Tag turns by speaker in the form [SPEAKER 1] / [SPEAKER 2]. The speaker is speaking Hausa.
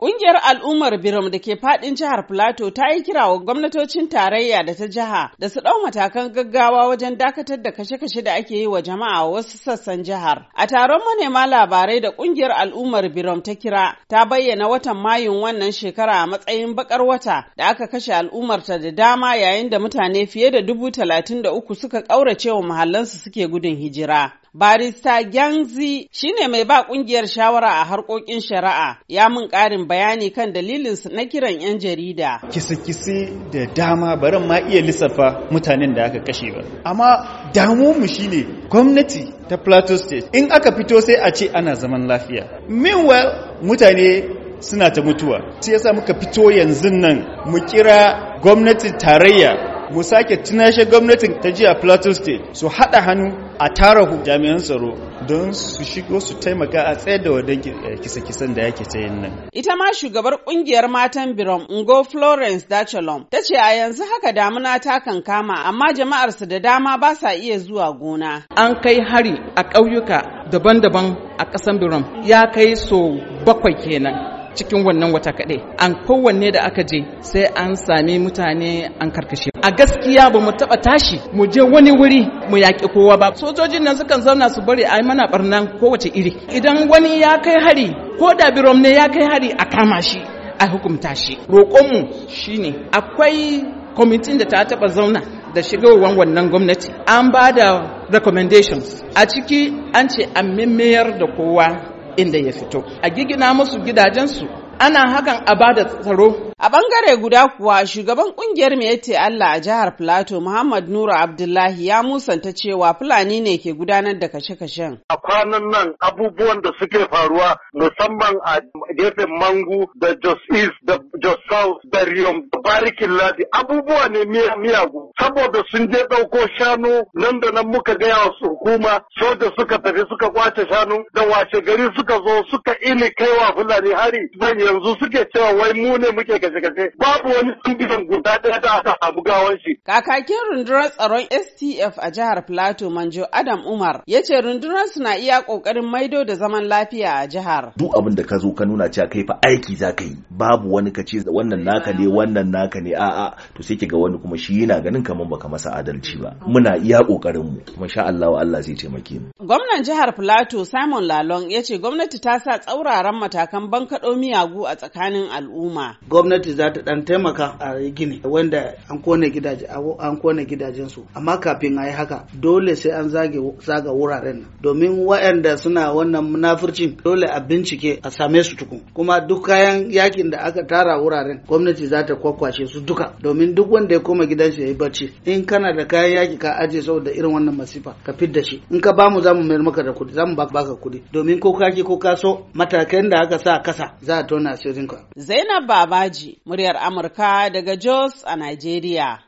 [SPEAKER 1] Ƙungiyar al'ummar Birom da ke faɗin jihar Filato ta yi kira wa gwamnatocin tarayya da ta jiha da su ɗau matakan gaggawa wajen dakatar da kashe-kashe da ake yi wa jama'a a wasu sassan jihar. A taron manema labarai da ƙungiyar al'ummar Birom ta kira ta bayyana watan Mayun wannan shekara a matsayin bakar wata da aka kashe al'ummarta da dama yayin da mutane fiye da dubu talatin da uku suka ƙaurace wa muhallansu suke gudun hijira. Barista Gyangzi ne mai ba kungiyar shawara a harkokin shari'a ya mun ƙarin bayani kan dalilin na kiran 'yan jarida.
[SPEAKER 2] Kisa-kise da dama baran ma iya lissafa mutanen da aka kashe ba. Amma damu mu ne gwamnati ta Plateau State in aka fito sai a ce ana zaman lafiya. Meanwhile mutane suna ta mutuwa. Sai yasa muka fito yanzu nan mu kira gwamnatin tarayya mu sake tunashe gwamnatin ta jiya plateau state su haɗa hannu a tara jami'an tsaro don su shigo su taimaka a tsayar da wadan eh, kisa-kisan da yake tayin nan. Ita
[SPEAKER 1] ma shugabar kungiyar matan Birom Ngo Florence Dachalom ta ce a yanzu haka damuna ta kankama amma jama'ar su da dama ba sa iya zuwa gona.
[SPEAKER 3] An kai hari a ƙauyuka daban-daban a ƙasan Birom ya kai so bakwai kenan. cikin wannan wata kaɗai an kowanne da aka je sai an sami mutane an karkashe a gaskiya ba mu taɓa tashi mu je wani wuri mu yaƙi kowa ba sojojin nan sukan zauna su bari yi mana ɓarnan kowace iri idan wani ya kai hari ko da birom ne ya kai hari a kama shi a hukumta shi roƙonmu shine akwai kwamitin da ta taɓa zauna da shigowar wannan gwamnati an ba da recommendations a ciki an ce a mamayar da kowa inda ya fito a gigina musu gidajensu
[SPEAKER 1] ana hakan a da tsaro. A bangare guda kuwa shugaban kungiyar Mete Allah a jihar Plateau Muhammad Nura Abdullahi ya musanta cewa Fulani ne ke gudanar da kashe-kashen. A kwanan nan abubuwan da suke faruwa musamman a gefen Mangu da Jos East da Jos South da Riyom Barikin Ladi abubuwa ne miyagu. saboda sun je ɗauko shanu nan da nan muka gaya wa hukuma soja suka tafi suka kwace shanu da wace gari suka zo suka ini kaiwa fulani hari ban yanzu suke cewa wai mu ne muke kashe-kashe babu wani tumbisan guda ɗaya da aka samu gawan shi. Kakakin rundunar tsaron STF a jihar Plateau Manjo Adam Umar ya ce rundunar su na iya ƙoƙarin maido da zaman lafiya a jihar.
[SPEAKER 2] Duk abin da ka zo ka nuna cewa kai fa aiki za ka yi babu wani ka ce wannan naka ne wannan naka ne a'a to sai ki ga wani kuma shi yana ganin kamar baka masa adalci ba muna iya kokarin mu masha Allah Allah zai taimake mu
[SPEAKER 1] gwamnan jihar Plateau Simon Lalong ya ce gwamnati ta sa tsauraran matakan bankaɗo miyagu a tsakanin al'umma
[SPEAKER 4] gwamnati za ta dan taimaka a gini wanda an kone gidaje an kone gidajen su amma kafin a yi haka dole sai an zage zaga wuraren nan domin waɗanda suna wannan munafurcin dole a bincike a same su tukun kuma duk kayan yakin da aka tara wuraren gwamnati za ta kwakwashe su duka domin duk wanda ya koma gidansa ya yi barci ce in kana da kayan yaki ka aje saboda irin wannan masifa ka fidda shi in ka bamu zamu mayar maka da kuɗi zamu baka kuɗi domin ko kaki ko kaso matakan da aka sa kasa za a tona asirin ka
[SPEAKER 1] Zainab Babaji muryar Amurka daga Jos a Najeriya